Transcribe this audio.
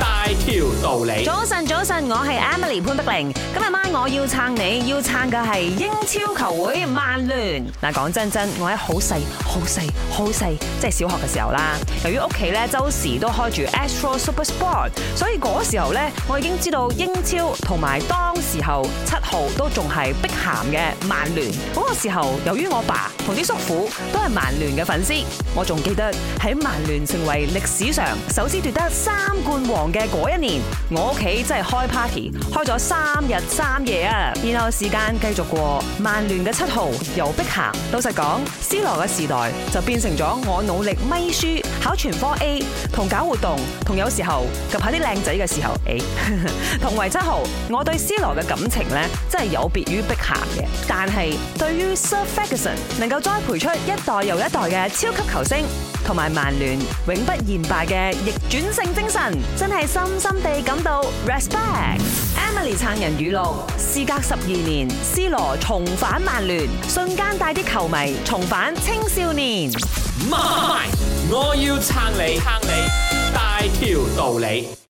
大條道理。早晨早晨，我係 Emily 潘碧玲。今日晚我要撐你，要撐嘅係英超球會曼聯。嗱，講真真，我喺好細、好細、好細，即係小學嘅時候啦。由於屋企咧周時都開住 Astro Super Sport，所以嗰時候咧我已經知道英超同埋當時候七號都仲係碧咸嘅曼聯。嗰個時候，由於我爸同啲叔父都係曼聯嘅粉絲，我仲記得喺曼聯成為歷史上首次奪得三冠王嘅一年，我屋企真係開 party，開咗三日三夜啊！然後時間繼續過，曼聯嘅七號尤碧咸，老實講，C 羅嘅時代就變成咗我努力咪書、考全科 A 同搞活動，同有時候及下啲靚仔嘅時候。 同為七號，我對 C 羅嘅感情咧，真係有別於碧咸嘅。但係對於 Sir Ferguson 能夠栽培出一代又一代嘅超級球星，同埋曼聯永不言敗嘅逆轉性精神，真係～係深深地感到 respect。Emily 撐人語錄，事隔十二年，C 羅重返曼聯，瞬間帶啲球迷重返青少年。我要撐你，撐你，大條道理。